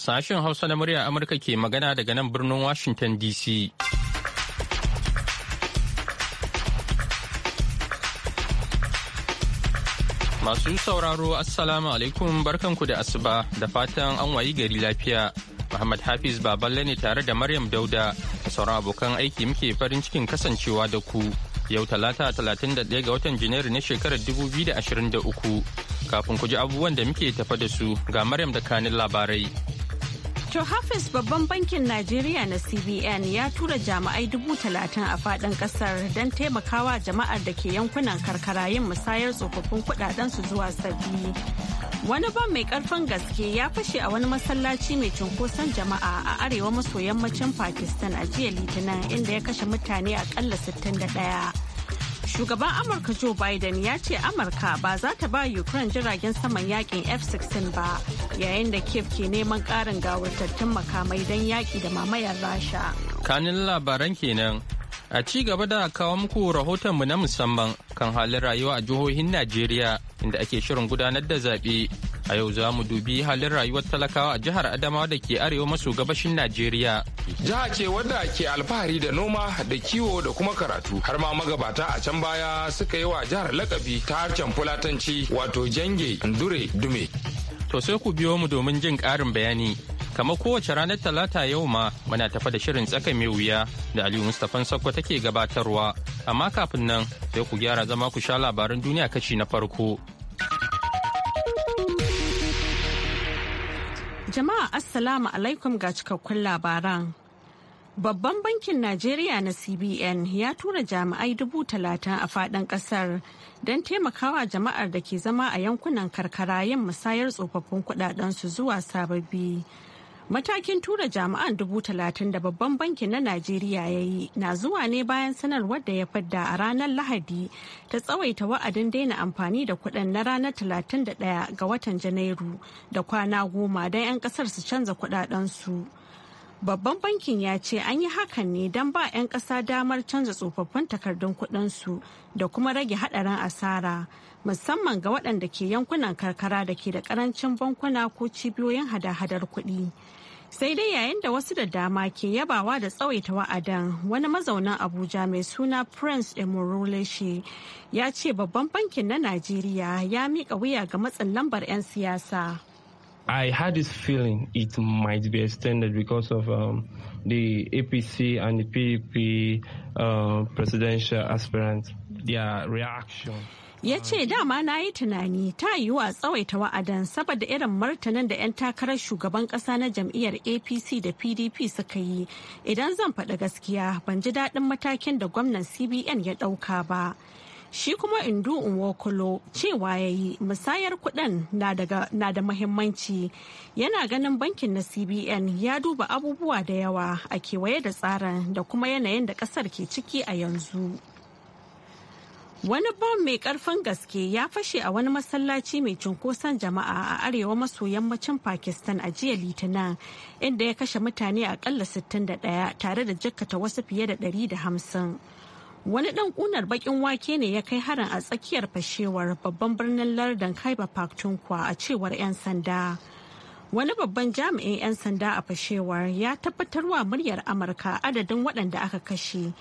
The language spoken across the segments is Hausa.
Sashen Hausa na murya Amurka ke magana daga nan birnin Washington DC. Masu sauraro Assalamu alaikum barkanku da asuba da fatan an wayi gari lafiya. Muhammad Hafiz Baballe ne tare da Maryam Dauda da sauran abokan aiki muke farin cikin kasancewa da ku. Yau talata 31 ga watan Janairu na shekarar dubu da 2023. Kafin ku ji abubuwan da muke tafa da su ga Maryam da kanin labarai. To Hafiz babban bankin Najeriya na CBN ya tura jami'ai dubu talatin a fadin kasar don taimakawa jama'ar da ke yankunan karkara yin musayar tsofaffin su zuwa sabbi. Wani ban mai karfin gaske ya fashe a wani masallaci mai cunkoson jama'a a arewa maso yammacin Pakistan a jiya Litinin inda ya kashe mutane akalla ɗaya. shugaban amurka joe biden ya ce amurka ba za ta ba ukraine jiragen saman yakin f-16 ba yayin da kiev ke neman karin gawurtattun makamai don yaki da mamayar rasha kanin labaran kenan a ci gaba da kawo muku rahotonmu na musamman kan halin rayuwa a jihohin najeriya inda ake shirin gudanar da zaɓe A yau za mu dubi halin rayuwar talakawa a jihar Adamawa da ke arewa maso gabashin Najeriya. Jiha ce wadda ke alfahari da noma da kiwo da kuma karatu. Har ma magabata a can baya suka yi wa jihar lakabi ta harshen fulatanci wato jange ndure dume. To sai ku biyo mu domin jin ƙarin bayani. Kamar kowace ranar Talata yau ma muna tafa da shirin tsaka mai wuya da Aliyu Mustafan Sakko take gabatarwa. Amma kafin nan sai ku gyara zama ku sha labaran duniya kashi na farko. Jama'a Assalamu alaikum ga cikakkun labaran. Babban bankin Najeriya na CBN ya tura jami'ai dubu talatin a faɗin ƙasar don taimakawa jama'ar da ke zama a yankunan karkara yin musayar tsofaffin su zuwa sababbi. Matakin tura jami'an dubu talatin da babban bankin na Najeriya ya yi na zuwa ne bayan sanarwar da ya fadda a ranar Lahadi ta tsawaita wa'adin daina amfani da kuɗin na ranar talatin da ɗaya ga watan Janairu da kwana goma don 'yan ƙasar su canza su. Babban bankin ya ce an yi hakan ne don ba 'yan ƙasa damar canza tsofaffin takardun kuɗinsu da kuma rage haɗarin asara musamman ga waɗanda ke yankunan karkara da ke da ƙarancin bankuna ko cibiyoyin hada-hadar kuɗi. sai dai yayin da wasu da dama ke yabawa da tsawaita wa'adan wani mazaunin abuja mai suna prince emoroleshi ya ce babban bankin na najeriya ya miƙa wuya ga matsin lambar 'yan siyasa I had this feeling it might be extended because of um, the APC and the PDP uh, presidential aspirants, their reaction. ya ce dama na yi tunani ta yiwuwa tsawaita wa'adan saboda irin martanin da 'yan takarar shugaban kasa na jam'iyyar apc da pdp suka yi idan zan faɗi gaskiya ban ji daɗin matakin da gwamnan cbn ya ɗauka ba shi kuma indu nwokolo cewa ya yi musayar kuɗin na da mahimmanci yana ganin bankin na cbn ya duba abubuwa da yawa a kewaye da tsarin da kuma yanayin da ƙasar ke ciki a yanzu. Wani bom mai karfin gaske ya fashe a wani masallaci mai cunkoson jama'a a arewa maso yammacin Pakistan a jiya Litinin, inda ya kashe mutane akalla 61 tare da jikkata wasu fiye da 150. Wani ɗan ƙunar baƙin wake ne ya kai harin a tsakiyar fashewar babban birnin lardin Kaiba Pakhtunkhwa a cewar 'yan sanda. Wani babban jami'in 'yan sanda a fashewar ya tabbatarwa muryar Amurka adadin waɗanda aka kashe.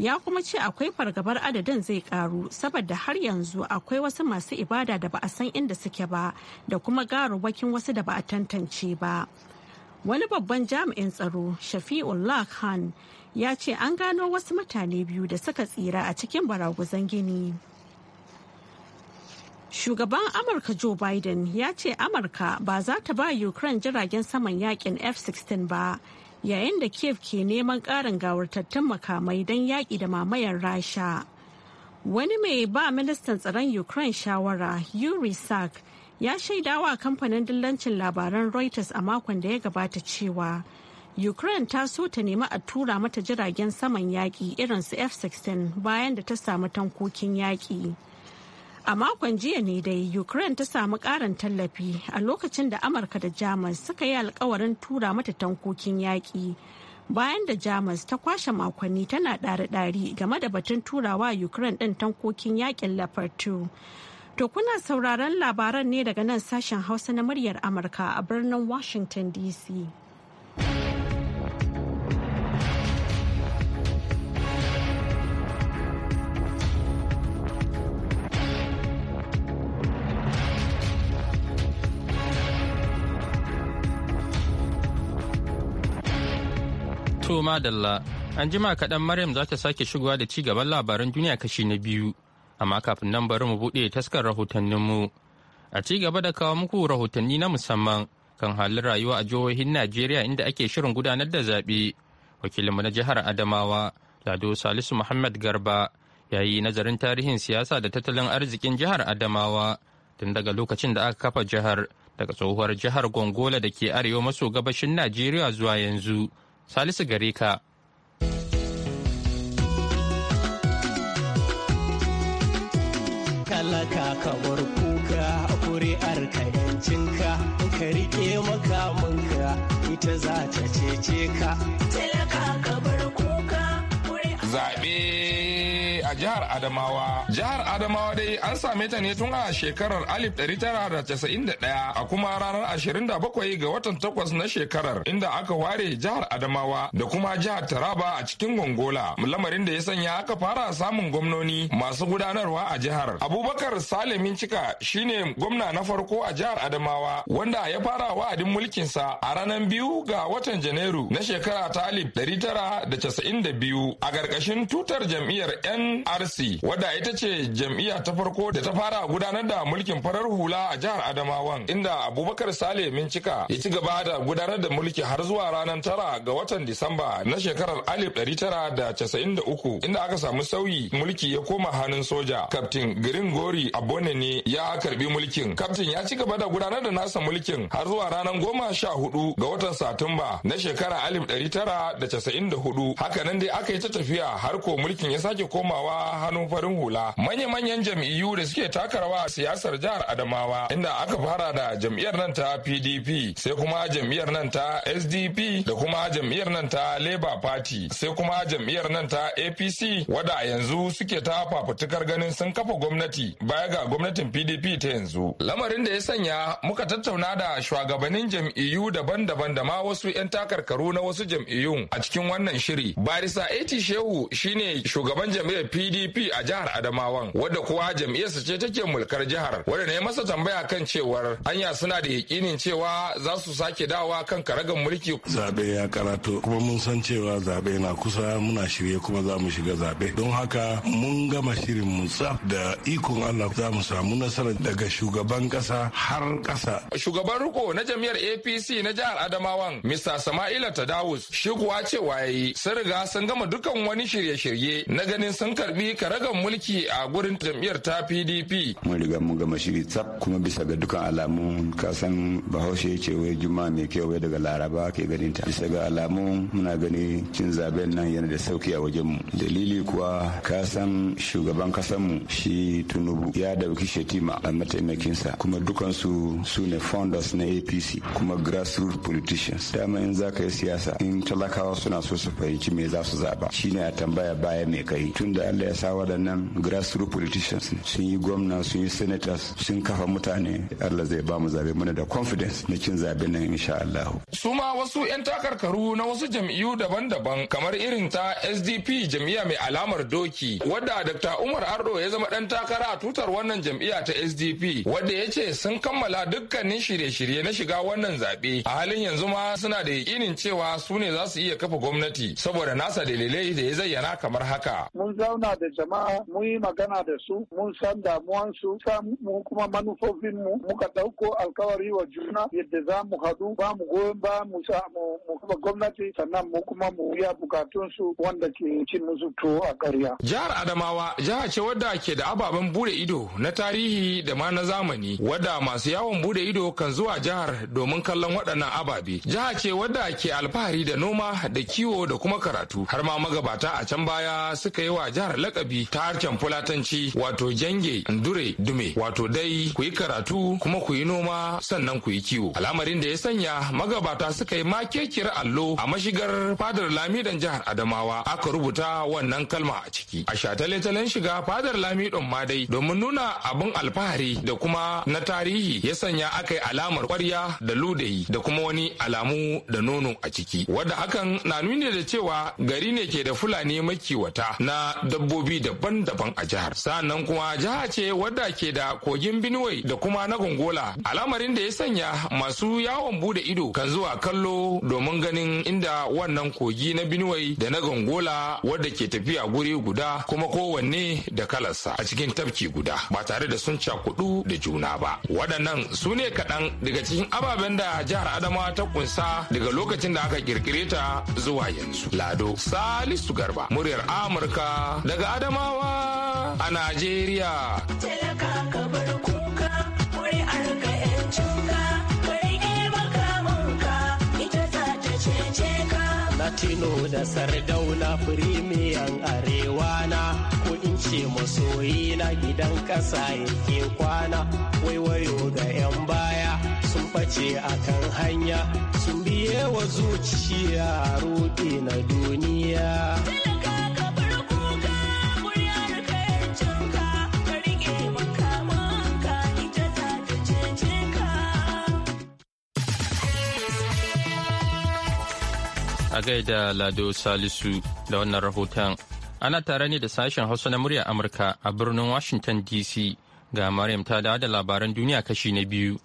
ya kuma ce akwai fargabar adadin zai karu saboda har yanzu akwai wasu masu ibada da ba a san inda suke ba da kuma garubakin wasu da ba a tantance ba wani babban jami'in tsaro shafi'ullah khan ya ce an gano wasu mutane biyu da suka tsira a cikin baraguzan gini Shugaban Amurka Joe Biden ya ce Amurka ba za ta ba Ukraine jiragen saman yakin F-16 ba yayin da kiev ke neman ƙarin gawartattun makamai don yaƙi da mamayar rasha wani mai ba ministan tsaron ukraine shawara yuri sak ya shaidawa kamfanin dillancin labaran reuters a makon da ya gabata cewa ukraine ta so ta nemi a tura mata jiragen saman yaƙi irin su f-16 bayan da ta samu tankokin yaƙi A makon jiya ne dai Ukraine ta samu ƙarin tallafi a lokacin da Amurka da Jamus suka yi alkawarin tura mata tankokin yaƙi. Bayan da Jamus ta kwashe makonni tana ɗari-ɗari game da batun turawa Ukraine ɗin tankokin yaƙin Leopard 2. To kuna sauraron labaran ne daga nan sashen Hausa na muryar Amurka a birnin Washington DC. To dalla an jima kaɗan Maryam za ta sake shigowa da ci gaban labaran duniya kashi na biyu, amma kafin nan bari mu buɗe taskar rahotanninmu. A ci gaba da kawo muku rahotanni na musamman kan halin rayuwa a jihohin Najeriya inda ake shirin gudanar da zaɓe. Wakilinmu na jihar Adamawa, Lado Salisu Muhammad Garba, ya yi nazarin tarihin siyasa da tattalin arzikin jihar Adamawa tun daga lokacin da aka kafa jihar daga tsohuwar jihar Gongola da ke arewa maso gabashin Najeriya zuwa yanzu. Salisu gare ka. Kalaka kamar kuka kuri'ar ka yancinka ka rike makamanka ita za ta cece ka. Talaka kamar kuka kuri'ar Zaɓe jihar Adamawa. Jihar Adamawa dai an same ta ne tun a shekarar 1991 a kuma ranar 27 ga watan takwas na shekarar inda aka ware jihar Adamawa da kuma jihar Taraba a cikin Gongola. Lamarin da ya sanya aka fara samun gwamnoni masu gudanarwa a jihar. Abubakar Salimin Cika shine gwamna na farko a jihar Adamawa wanda ya fara wa'adin mulkinsa a ranar biyu ga watan Janairu na shekara ta 1992 a ƙarƙashin tutar jam'iyyar 'yan NRC wadda ita ce jam'iyya ta farko da ta fara gudanar da mulkin farar hula a jihar Adamawan inda Abubakar Sale Mincika ya ci gaba da gudanar da mulki har zuwa ranar tara ga watan Disamba na shekarar 1993 inda aka samu sauyi mulki ya koma hannun soja. Kaftin Green Gori Abone ne ya karbi mulkin. Kaftin ya ci gaba da gudanar da nasa mulkin har zuwa ranar goma sha hudu ga watan Satumba na shekara 1994. Hakanan dai aka yi ta tafiya har ko mulkin ya sake komawa hannun farin hula manya-manyan jam'iyyu da suke takarawa a siyasar jihar adamawa inda aka fara da jam'iyyar nan ta pdp sai kuma jam'iyyar nan ta sdp da kuma jam'iyyar nan ta labour party sai kuma jam'iyyar nan ta apc wada yanzu suke ta fafutukar ganin sun kafa gwamnati baya ga gwamnatin pdp ta yanzu lamarin da ya sanya muka tattauna da shugabannin jam'iyyu daban-daban da ma wasu 'yan takarkaru na wasu jam'iyyun a cikin wannan shiri barisa eti shehu shine shugaban jam'iyyar pdp PDP a jihar Adamawan wadda kuwa jam'iyyarsa ce take mulkar jihar wadda ne masa tambaya kan cewar anya suna da yakinin cewa za su sake dawowa kan karagan mulki. Zabe ya karato kuma mun san cewa zabe na kusa muna shirye kuma za mu shiga zabe don haka mun gama shirin mu tsaf da ikon Allah za mu samu nasara daga shugaban kasa har kasa. Shugaban riko na jam'iyyar APC na jihar Adamawan Mr. Sama'ila Tadawus shi kuwa cewa yayi sun riga sun gama dukan wani shirye-shirye na ganin sun karbi ka karagan mulki a gurin jam'iyyar ta pdp mun riga mun gama shiri tsaf kuma bisa ga dukan alamu san bahaushe ce wai juma mai kyau wai daga laraba ke ganin ta bisa ga alamu muna gani cin zaben nan yana da sauki a wajen mu dalili kuwa kasan shugaban kasan mu shi tunubu ya dauki shetima a sa. kuma dukansu su ne founders na apc kuma grassroots politicians dama in za yi siyasa in talakawa suna so su fahimci me za su zaba shine a tambaya baya mai kai tun tunda da ya sa waɗannan grassroots politicians sun yi gwamna sun yi senators sun kafa mutane Allah zai ba mu zabe muna da confidence na cin zabe nan insha Allah. Su ma wasu 'yan takarkaru na wasu jam'iyyu daban-daban kamar irin ta SDP jam'iyya mai alamar doki wadda Dr. Umar Ardo ya zama ɗan takara a tutar wannan jam'iyya ta SDP wadda ya ce sun kammala dukkanin shirye-shirye na shiga wannan zaɓe a halin yanzu ma suna da yakinin cewa su ne za su iya kafa gwamnati saboda nasa dalilai da ya zayyana kamar haka. Mun zauna muna da jama'a mun yi magana da su mun san damuwansu san mu kuma manufofinmu muka ɗauko alkawari wa juna yadda za mu haɗu ba mu goyon ba mu sa mu kuma gwamnati sannan mu kuma mu biya bukatunsu wanda ke cin musu tuwo a ƙarya. Jihar Adamawa jiha ce wadda ke da ababen bude ido na tarihi da ma na zamani wadda masu yawon bude ido kan zuwa jihar domin kallon waɗannan ababe. Jiha ce wadda ke alfahari da noma da kiwo da kuma karatu har ma magabata a can baya suka yi wa jihar lakabi ta harshen fulatanci wato jange ndure dume wato dai ku yi karatu kuma ku yi noma sannan ku yi kiwo al'amarin da ya sanya magabata suka yi makekiyar allo a mashigar fadar lamidan jihar adamawa aka rubuta wannan kalma a ciki a shatale-talen shiga fadar lamidan ma dai domin nuna abin alfahari da kuma na tarihi ya sanya aka yi alamar kwarya da ludayi da kuma wani alamu da nono a ciki wadda hakan na nuni da cewa gari ne ke da fulani makiwata na dabbobi hukumomi daban-daban a jihar sannan kuma jiha ce wadda ke da kogin benue da kuma na gongola al'amarin da ya sanya masu yawon bude ido kan zuwa kallo domin ganin inda wannan kogi na benue da na gongola wadda ke tafiya guri guda kuma kowanne da kalarsa a cikin tafki guda ba tare da sun cakudu da juna ba waɗannan su ne kaɗan daga cikin ababen da jihar adama ta kunsa daga lokacin da aka kirkire ta zuwa yanzu lado salisu garba muryar amurka daga daga Adamawa a Najeriya. Talaka bar kuka, ka Na Latino da Sardauna firimiyan arewa na ko in ce masoyi na gidan ƙasa yake kwana waiwayo ga 'yan baya sun face kan hanya sun biye wa zuciya roƙe na duniya. A gaida Lado Salisu da wannan rahoton. Ana tare ne da sashen Hausa na murya Amurka a birnin Washington DC ga Maryam ta da labaran duniya kashi na biyu.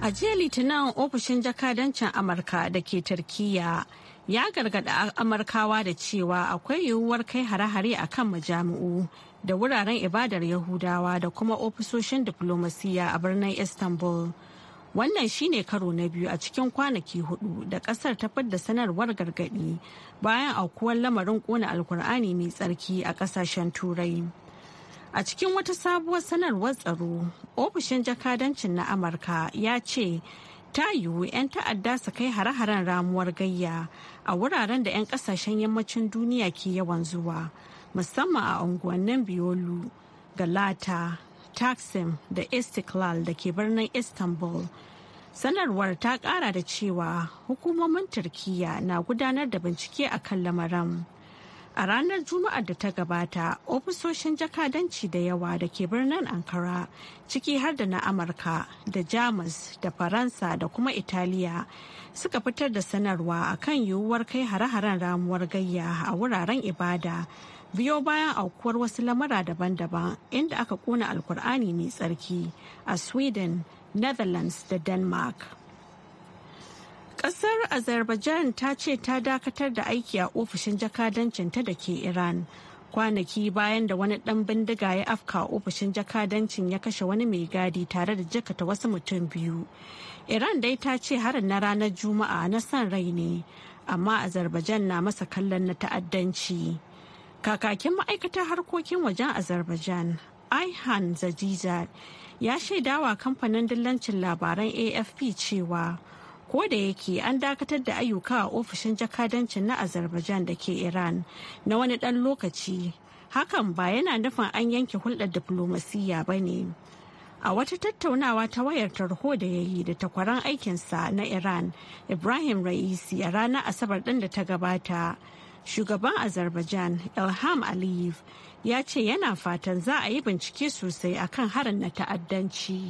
A jiya Litinin ofishin jakadancin Amurka da ke Turkiyya ya gargada Amurkawa da cewa akwai yiwuwar kai hare-hare a kan majami'u da wuraren ibadar Yahudawa da kuma ofisoshin diflomasiyya a birnin Istanbul. Wannan shine karo na biyu a cikin kwanaki hudu da kasar ta fadda sanarwar gargadi bayan aukuwar lamarin kona alkur'ani mai tsarki a kasashen turai. A cikin wata sabuwar sanarwar tsaro, ofishin jakadancin na Amurka ya ce ta yiwu 'yan ta'adda su kai hare-haren ramuwar gayya a wuraren da 'yan kasashen yammacin duniya ke yawan zuwa, musamman a unguwannin Biyolu, Galata, taksim da istiklal da ke birnin istanbul sanarwar ta kara da cewa hukumomin Turkiyya na gudanar da bincike a kan lamarin a ranar juma'ar da ta gabata ofisoshin jakadanci da yawa da ke birnin ankara ciki har da na amurka da jamus da faransa da kuma italiya suka fitar da sanarwa akan yiwuwar kai hare-haren ramuwar gayya a wuraren ibada biyo bayan aukuwar wasu lamura daban-daban inda aka kona alkur'ani mai tsarki a sweden netherlands da denmark kasar azerbaijan ta ce ta dakatar da aiki a ofishin jakadancinta da ke iran kwanaki bayan da wani dan bindiga ya afka a ofishin jakadancin ya kashe wani mai gadi tare da jakata wasu mutum biyu iran dai ta ce harin na ranar juma'a na san rai ne amma azerbaijan na masa kallon na ta'addanci Kakakin ma'aikatar harkokin wajen Azerbaijan, Aihan Zajiza, ya shaidawa kamfanin dillancin labaran AFP cewa ko da yake an dakatar da ayyuka a ofishin jakadancin na Azerbaijan da ke Iran na wani dan lokaci. Hakan ba yana nufin an yanke hulɗar diflomasiyya ba ne. a wata tattaunawa ta wayar tarho da ya yi da takwaran aikinsa na iran ibrahim ra'isi a ranar asabar ɗin da ta gabata shugaban azerbaijan ilham aliyev ya ce yana fatan za a yi bincike sosai akan harin na ta'addanci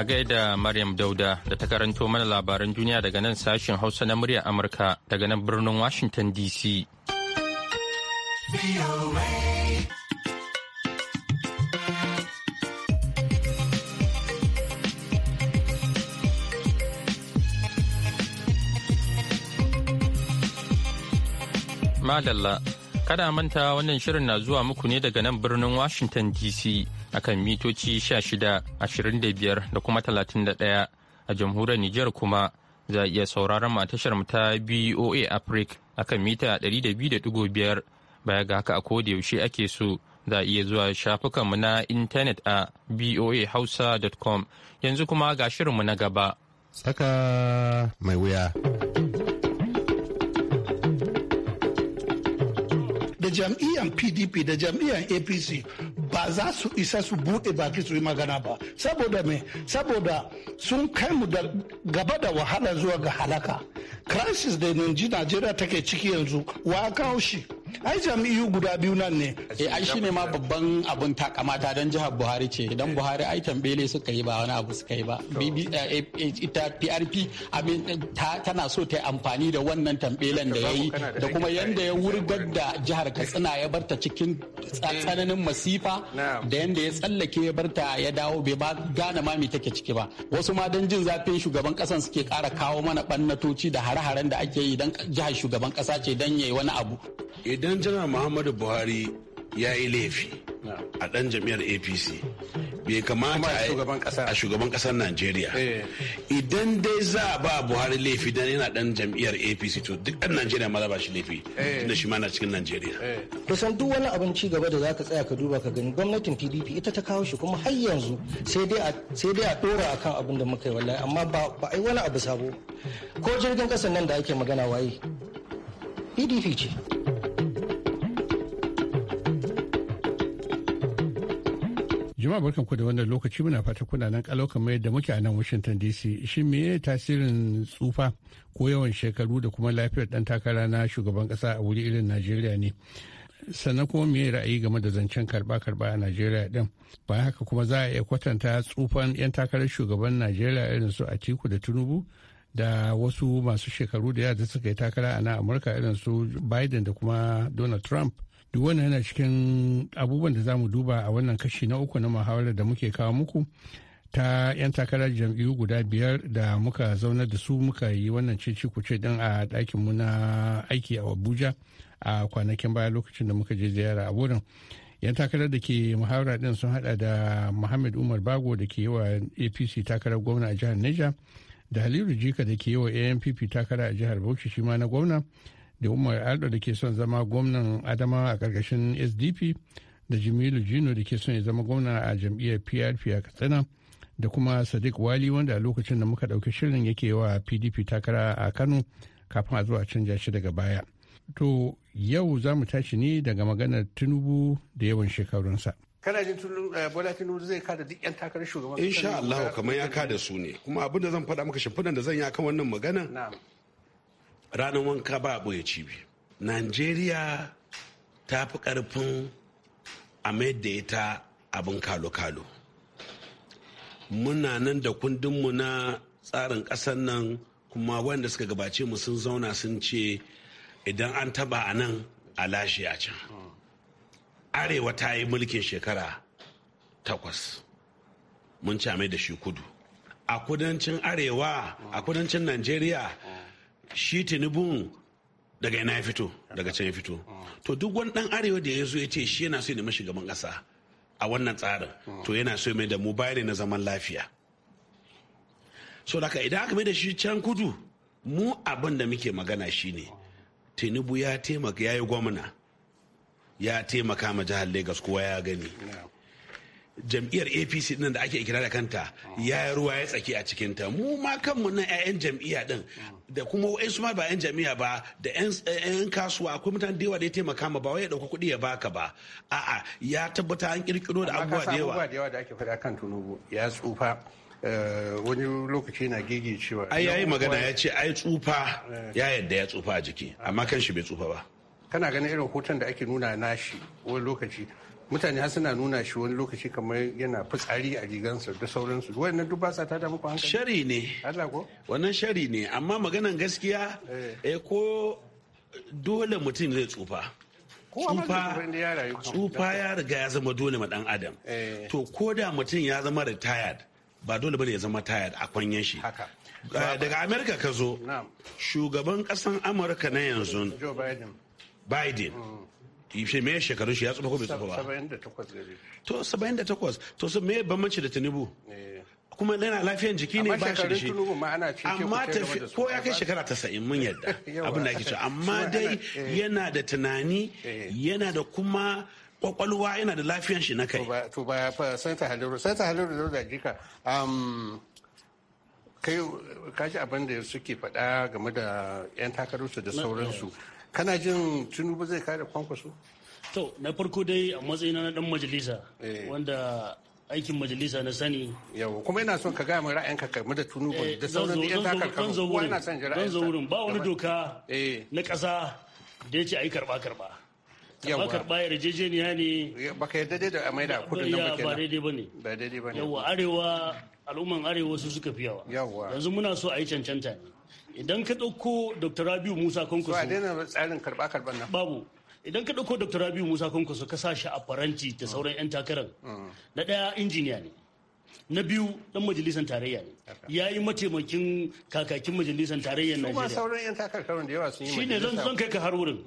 a gaida Maryam Dauda da ta karanto mana labaran duniya daga nan sashen Hausa na muryar Amurka daga nan birnin Washington DC. Madalla, kada manta wannan shirin na zuwa muku ne daga nan birnin Washington DC akan mitoci 16, 25 da kuma 31 a jamhuriyar Nijar kuma za a iya sauraron matashar a mu ta BOA Africa akan mita baya ga haka a yaushe ake so za a iya zuwa shafukanmu na intanet a boahausa.com yanzu kuma ga shirinmu na gaba. Saka mai wuya. Da jam'iyyar PDP da jam'iyyar APC ba za su isa su buɗe baki su yi magana ba saboda me saboda sun kai mu da gaba da wahala zuwa ga halaka crisis da yanzu najeriya take ciki yanzu wa kawo shi ai jam'iyyu guda biyu nan ne eh ai shine ma babban abun takamata don jihar Buhari ce idan Buhari ai tambele suka yi ba wani abu suka yi ba eh, eh, eh, ita PRP tana so ta yi amfani da wannan tambelen da ya yi da kuma yanda ya wurgar da jihar Katsina ya barta cikin tsananin masifa da yanda ya tsallake ya barta ya dawo bai ba gane ma me take ciki ba wasu ma don jin zafin shugaban kasan suke kara kawo mana bannatoci da hare-haren da ake yi don jihar shugaban kasa ce don yayi wani abu idan janar muhammadu buhari ya yi laifi a dan jam'iyyar apc bai kamata a shugaban kasar najeriya eh. idan dai za a ba buhari laifi dan yana dan jam'iyyar apc to duk ɗan najeriya ma ba shi laifi eh. tunda shi ma na cikin najeriya eh. kusan duk wani abin ci gaba da za ka tsaya ka duba ka gani gwamnatin pdp ita ta kawo shi kuma har yanzu sai dai a ɗora akan abin da muka yi wallahi amma ba a yi wani abu sabo ko jirgin ƙasar nan da ake magana waye pdp ce Jama'a barkan ku da wannan lokaci muna fata kuna nan kalau kamar yadda muke a nan Washington DC. Shin me tasirin tsufa ko yawan shekaru da kuma lafiyar dan takara na shugaban kasa a wuri irin Najeriya ne? Sannan kuma me ra'ayi game da zancen karba-karba a Najeriya din? Ba haka kuma za a iya kwatanta tsufan 'yan takarar shugaban Najeriya irin su Atiku da Tinubu da wasu masu shekaru da yadda suka yi takara a nan Amurka irin su Biden da kuma Donald Trump. duk wannan yana cikin abubuwan da za mu duba a wannan kashi na uku na muhawarar da muke kawo muku ta 'yan takarar jam'iyyu guda biyar da muka zaunar da su muka yi wannan cici kuce din a mu na aiki a abuja a kwanakin baya lokacin da muka je ziyara a wurin yan takarar da ke muhawarar din sun hada da muhammad umar bago da ke yi wa apc takarar gwamna a jihar neja da haliru jika da ke yi wa ampp takara a jihar bauchi shi ma na gwamna da umar aldo da ke son zama gwamnan adama a karkashin sdp da jimilu jino da ke son ya zama gwamna a jam'iyyar prp a katsina da kuma sadiq wali wanda a lokacin da muka ɗauki shirin yake wa pdp takara a kano kafin a zuwa canja shi daga baya to yau za mu tashi ne daga maganar tinubu da yawan shekarunsa kana jin eh, bola tinubu zai kada duk yan takarar shugaban insha Allah kamar ya kada su ne kuma abin da zan faɗa maka shimfiɗan da zan yi akan wannan magana ranar wanka ba ya ɓoye cibi najeriya ta fi ƙarfin a mai da ita abin kalo-kalo muna nan da kundinmu na tsarin ƙasar nan kuma wanda suka gabace mu sun zauna sun ce idan an taba a nan a lashe a can arewa ta yi mulkin shekara takwas mun ci da shi kudu a kudancin arewa a kudancin najeriya shi tinubun daga ina ya fito daga can ya fito to duk wani dan arewa da ya zo ya ce shi yana so ya nemi shugaban kasa a wannan tsarin to yana so mai da mu bayani na zaman lafiya so daga idan aka mai da shi can kudu mu abin da muke magana shine tinubu ya taimaka ya yi gwamna ya taimaka ma jihar lagos kowa ya gani jam'iyyar apc din da ake da kanta ya ruwa ya tsaki a cikinta mu ma kanmu nan 'ya'yan jam'iyya din da kuma su ma ba 'yan jam'iyya ba da 'yan kasuwa akwai mutane da yawa da ya taimaka ma ba wai ya ɗauka kuɗi ya baka ba a'a ya tabbata an kirkiro da abubuwa da yawa da yawa da ake faɗa kan tunubu ya tsufa eh, wani lokaci na gege cewa ai yayi magana ya ce ai tsufa eh. ya yadda ya tsufa a jiki amma kan shi bai tsufa ba kana ganin irin hoton da ake nuna nashi wani lokaci mutane har suna nuna shi wani lokaci kamar yana fitsari a rigansa da sauransu wannan duk basa ta damu muku hankali shari ne Allah ko wannan shari ne amma maganan gaskiya eh, eh ko dole mutum zai tsufa tsufa ya riga ya zama dole ma dan adam eh. to ko da mutum ya zama retired ba dole bane ya zama tired a kwanyen shi eh, daga america ka zo shugaban kasan amurka na yanzu biden mm. Ishe me shekarun shi ya tsufa ko bai tsufa ba? 78 gare. To 78 to su me bambanci da Tinubu? Eh. kuma yana lafiyan jiki ne ba shi da shi amma ko ya kai shekara sa'in mun yadda abin da ake cewa amma dai eh. yana da tunani eh. yana da kuma kwakwalwa yana da lafiyan shi na kai to ba santa haliru santa haliru da jika um, kai kaji abin da suke faɗa game da 'yan takararsu da sauransu kana jin tinubu zai kare kwankwaso to na farko dai a matsayina na dan majalisa eh. wanda aikin majalisa na sani yau kuma ina son ka gaya min ra'ayinka game da tinubu eh, da sauran yan takarkaru kuma ina son ji ra'ayinka wurin ba wani doka eh. na kasa da ya ce a yi karɓa karɓa Karba karɓa yarjejeniya ne baka yarda dai da maida kudin nan ba daidai bane ba daidai bane yawa arewa al'umman arewa su suka fi yawa yanzu muna so a yi cancanta ne idan ka ɗauko dr rabiu musa kwankwaso a daina tsarin karɓa karɓar nan babu idan ka ɗauko dr rabiu musa kwankwaso ka sa shi a faranti da sauran 'yan takarar mm. na ɗaya injiniya ne na biyu dan majalisar tarayya ne ya yi mataimakin kakakin majalisar tarayyar najeriya shi ne zan kai ka har wurin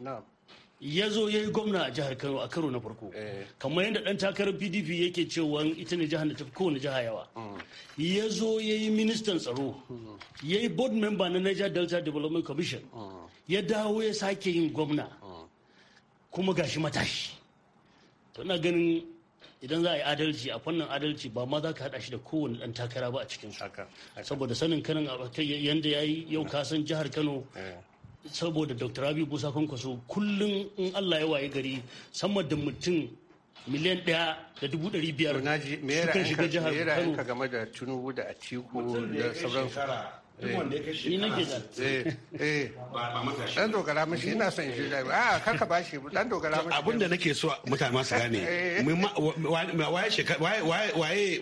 ya zo ya yi gwamna a jihar kano a karo na farko eh. kamar yadda dan takarar pdp yake cewa ita ne jihar da tafi kowane jiha yawa mm. ya zo ya yi ministan tsaro mm. ya yi board member na niger delta development commission mm. ya dawo ya sake yin gwamna kuma gashi matashi to ina ganin idan za a yi adalci a fannin adalci ba ma za ka hada shi da kowane ɗan takara ba a cikin saboda sanin kanin yadda ya yi yau kasan jihar kano eh. saboda dr abu musa kwankwaso kullum in allah ya waye gari sama da mutum miliyan ɗaya da dubu ɗari biyar suka shiga jihar kano ka game da tunubu da atiku da sauran ni nake da eh dan dogara mashi ina son shi da a karka ba shi dan dogara mashi abin da nake so mutane su gane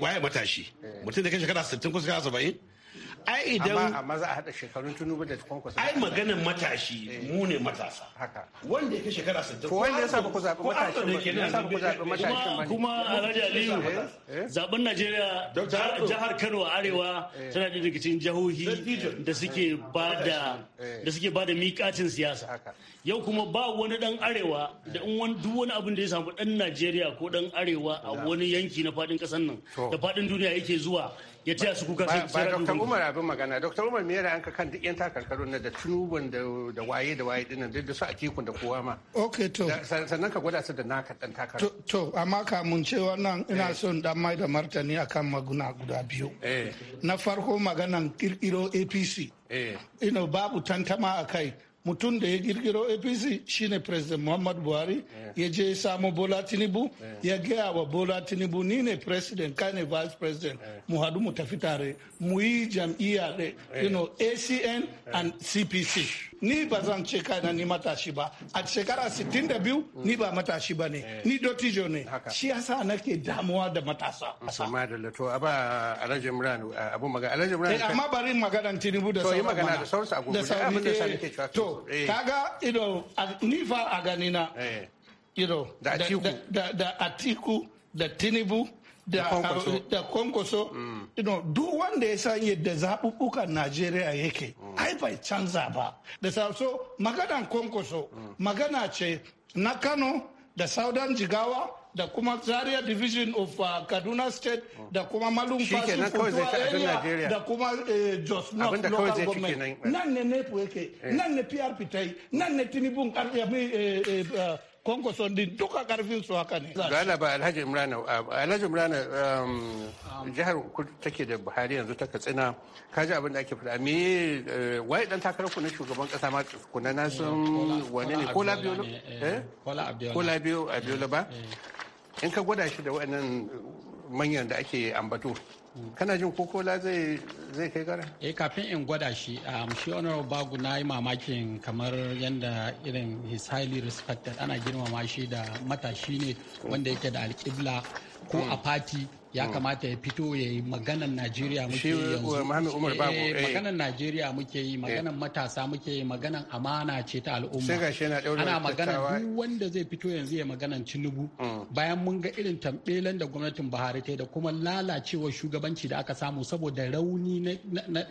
waye matashi mutum da kai shekara 60 ko shekara 70 ai idan amma za a hada shekarun tunubu da kwankwasa ai maganin matashi mu ne matasa haka wanda yake shekara 60 ko wanda yasa ba ku zabi matashin ba yasa ba ku zabi matashin kuma Alhaji Aliyu zaben eh? eh? Najeriya jihar Kano arewa eh. tana da rikicin jahohi da suke bada da suke bada miƙatin siyasa yau kuma ba wani dan arewa da in wani duk wani abin da ya samu dan Najeriya ko dan arewa a wani yanki na fadin kasar nan da fadin duniya yake zuwa ya taya su kuka sai Dr. Umar abin magana Dr. Umar me yana ka kan duk yan takarkaro na da tunuban da waye da waye dinnan duk da su a tikun da kowa ma okay to sannan ka gwada su da naka dan takarar. to amma ka mun ce wannan ina eh. son dan mai da martani akan maguna guda biyu eh. na farko maganan kirkiro APC ina eh. babu tantama a kai mutum da ya girgiro apc shine president muhammad buhari eh. ya je samu bola tinubu eh. ya gaya wa bola tinubu ni ne president ka ne vice president eh. mu haɗu mu tafi tare mu yi jam'iyya you know acn and cpc ni ba zan ce kaina ni matashi ba a shekara 62 ni ba matashi ba ne eh. ni dotijo ne shi yasa nake damuwa da matasa musamman da lato a ba alhaji imran abu maga alhaji imran eh, amma bari maganan tinubu da sauran magana da sauran agogo da abin da sani ke cewa to eh. kaga ido ni fa a ganina ido da atiku da atiku da tinubu da kwankwaso mm. duk wanda ya san yadda zaɓuɓɓukan najeriya yake mm. ai bai canza ba da so maganan kwankwaso mm. magana ce na kano da southern jigawa da kuma zaria division of uh, kaduna state da kuma malum area da kuma eh, jos north local government eh. nan ne nepu yake eh. nan ne prp ta yi nan ne tinubu kwankwason din duka karfin su haka ne ba alhaji imrana uh, alhaji imrana um, jihar take da buhari yanzu ta katsina ka ji abin da ake faɗa me uh, waye dan takarar ku na shugaban kasa ma kuna na sun eh, wane ne kola biyo kola biyo eh, eh? abiola ba in ka gwada shi da waɗannan manyan da ake ambato kana jin ko zai zai kai gara eh kafin in gwada shi a um, shi honorable bagu na yi mamakin kamar yadda irin his highly respected ana girmama shi da matashi ne wanda yake da alkibla ko a hmm. fati ya hmm. kamata ya fito ya yi maganan Najeriya muke uh, yanzu. Eh, eh. Maganan Najeriya muke yi, maganan matasa muke yi, maganan amana ce ta al'umma. Ana maganan duk wanda zai fito yanzu ya maganan Tinubu. Hmm. Bayan mun ga irin tamɓelen da gwamnatin Buhari ta da kuma lalacewar shugabanci da aka samu saboda rauni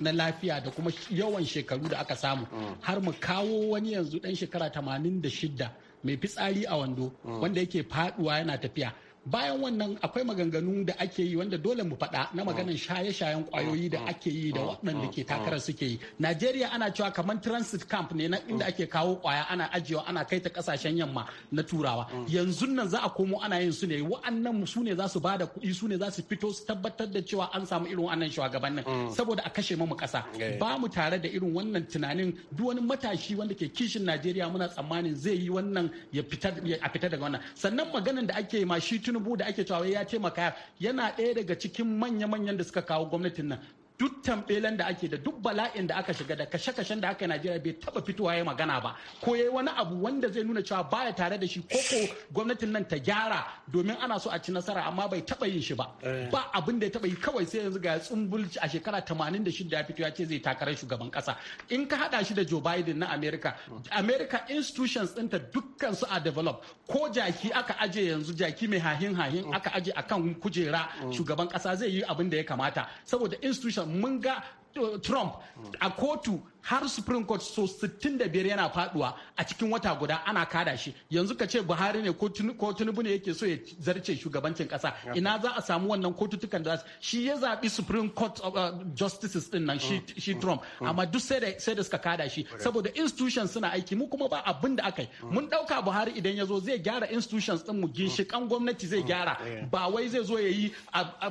na lafiya da kuma yawan shekaru da aka samu. Hmm. Har mu kawo wani yanzu dan shekara 86 mai fitsari a wando wanda yake faduwa yana tafiya. bayan wannan akwai maganganu da ake yi wanda dole mu faɗa na maganan ah. shaye-shayen kwayoyi da ah. Ah. ake yi da waɗanda ke takara suke yi najeriya ana cewa kamar transit camp ne na inda ake kawo kwaya ana ajiyewa ana kai ta kasashen yamma na turawa yanzu nan za a komo ana yin su ne wa'annan su ne za su ba da kuɗi su ne za su fito su tabbatar da cewa an samu irin wannan nan saboda a kashe mu kasa eh. ba mu tare da irin wannan tunanin duk wani matashi wanda ke kishin najeriya muna tsammanin zai yi wannan ya fita a fita daga wannan sannan maganan da ake yi ma shi tinubu da ake cewa ya taimaka yana ɗaya daga cikin manya-manyan da suka kawo gwamnatin nan duk tambelen da ake da duk bala'in da aka shiga da kashe-kashen da aka Najeriya bai taba fitowa ya magana ba ko yayi wani abu wanda zai nuna cewa baya tare da shi koko gwamnatin nan ta gyara domin ana so a ci nasara amma bai taba yin shi ba eh. ba abin da ya taba yi kawai sai yanzu ga tsumbul a shekara 86 ya fito ya ce zai takarar shugaban kasa in ka hada shi da Joe Biden na America America institutions ɗinta dukkan su a develop ko jaki aka aje yanzu jaki mai hahin hahin aka aje akan kujera mm. shugaban kasa zai yi abin da ya kamata saboda institution mun ga uh, trump a kotu har supreme court so 65 yana faduwa a cikin wata guda ana kada shi yanzu ka ce buhari ne ko tinubu ne yake so ya zarce shugabancin kasa ina za a samu wannan kotutukan da shi ya zaɓi supreme court uh, justices din nan shi mm. trump mm. amma duk sai da suka kada shi saboda institutions suna aiki mu kuma ba abin da aka yi mm. mun ɗauka buhari idan ya zo zai gyara institutions din mu ginshikan gwamnati zai gyara ba wai zai zo ya yi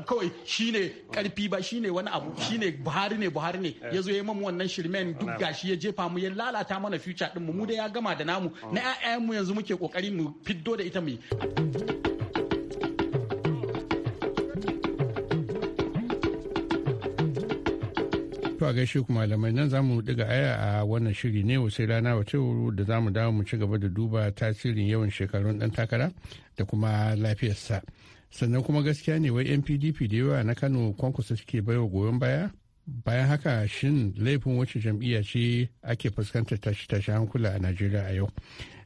kawai shine karfi ba shine wani abu shine buhari ne buhari ne ya zo ya yi mamu wannan shirmen duk gashi ya jefa mu ya lalata mana future din mu mu da ya gama da namu na 'ya'yan mu yanzu muke kokari mu fiddo da ita mu To a gaishe ku malamai nan za mu ɗiga aya a wannan shiri ne wasu rana wace wuru da za mu dawo mu ci gaba da duba tasirin yawan shekarun dan takara da kuma lafiyarsa. Sannan kuma gaskiya ne wai NPDP da yawa na Kano kwankwasa suke baiwa goyon baya bayan haka shin laifin wacce jam'iyya ce ake fuskantar tashi-tashi hankula a najeriya a yau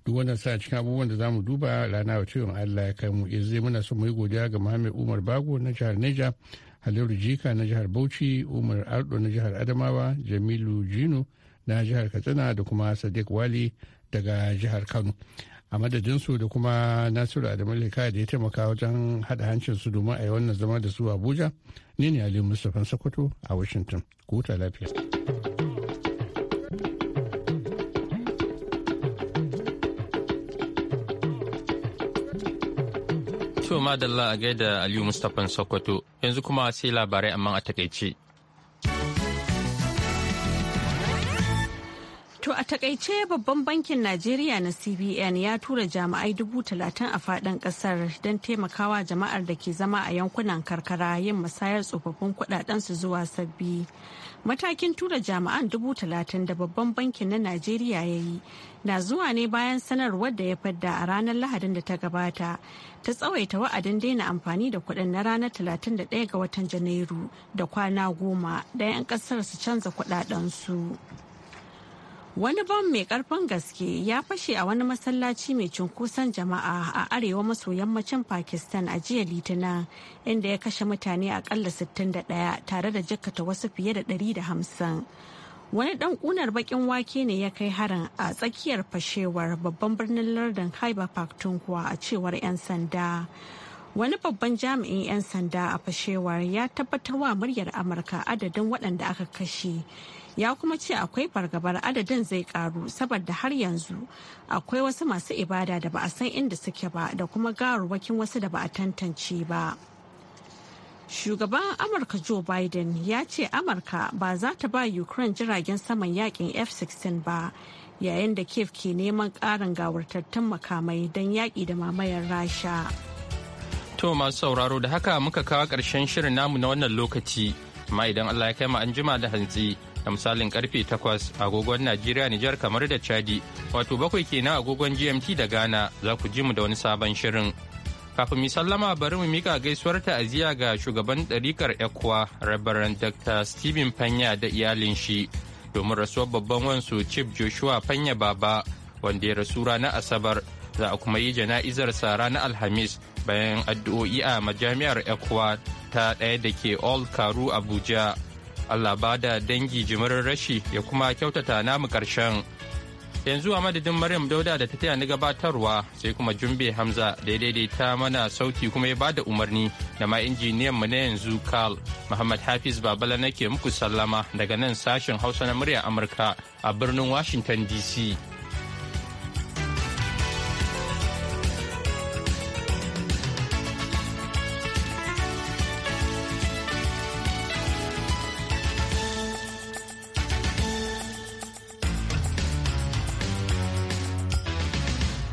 duk wannan sa cikin abubuwan da zamu duba rana wa ciwon allah ya kai mu zai muna son mu yi godiya ga muhammed umar bago na jihar neja haliru jika na jihar bauchi umar ardo na jihar adamawa jamilu jino na jihar katsina da kuma sadiq wali daga jihar kano a madadinsu da kuma nasiru adamu lika da ya taimaka wajen haɗa hancinsu domin a yi wannan zama da su abuja ne ne aliyu mustapha sokoto a washington ku ta lafiya to madalla a gaida aliyu mustapha sokoto yanzu kuma sai labarai amma a takaice To a takaice babban bankin Najeriya na CBN ya tura jami'ai dubu talatin a fadin kasar don taimakawa jama'ar da ke zama a yankunan karkara yin musayar tsofaffin kudaden su zuwa sabbi. Matakin tura jami'an dubu talatin da babban bankin na Najeriya ya yi na zuwa ne bayan sanarwar da ya fadda a ranar Lahadin da ta gabata ta tsawaita wa'adin daina amfani da kuɗin na ranar talatin da ɗaya ga watan Janairu da kwana goma da 'yan ƙasar su canza kuɗaɗensu. su. wani bam mai karfin gaske ya fashe a wani masallaci mai cunkoson jama'a a arewa maso yammacin pakistan a jiya litinin inda ya kashe mutane akalla 61 tare da jakkata wasu fiye da 150 wani dan kunar bakin wake ne ya kai harin a tsakiyar fashewar babban birnin lardin haiba tunkuwa a cewar 'yan sanda wani babban jami'in 'yan sanda a fashewar ya tabbatar wa muryar amurka adadin waɗanda aka kashe ya kuma ce akwai fargabar adadin zai karu saboda har yanzu akwai wasu masu ibada da ba a san inda suke ba da kuma garuwakin wasu da ba a tantance ba shugaban amurka joe biden ya ce amurka ba za ta ba ukraine jiragen saman yakin f-16 ba yayin da kiev ke neman karin gawartattun makamai don yaƙi da mamayar rasha to masu sauraro da haka muka kawo ƙarshen shirin namu na wannan lokaci amma idan allah ya kai mu an jima da hantsi da misalin karfe 8 agogon Najeriya Nijar kamar da Chadi wato bakwai kenan agogon GMT da Ghana za ku ji mu da wani sabon shirin. Kafin mi sallama bari mu mika gaisuwar ta'aziyya ga shugaban ɗarikar Ekwa Reverend Dr. Stephen Panya da iyalin shi domin rasuwar babban wansu Chief Joshua Panya Baba wanda ya rasu ranar Asabar za a kuma yi jana'izar sa ranar Alhamis bayan addu'o'i a majami'ar Ekwa ta ɗaya da ke Old Karu Abuja. Allah ba da dangi jimirin rashi ya kuma kyautata namu karshen Yanzu a madadin Maryam Dauda da ta taya ni gabatarwa sai kuma Jumbe Hamza da ya ta mana sauti kuma ya bada umarni da ma injiniyan mu na yanzu Karl Muhammad Hafiz Babala nake muku sallama daga nan sashen Hausa na murya Amurka a birnin Washington DC.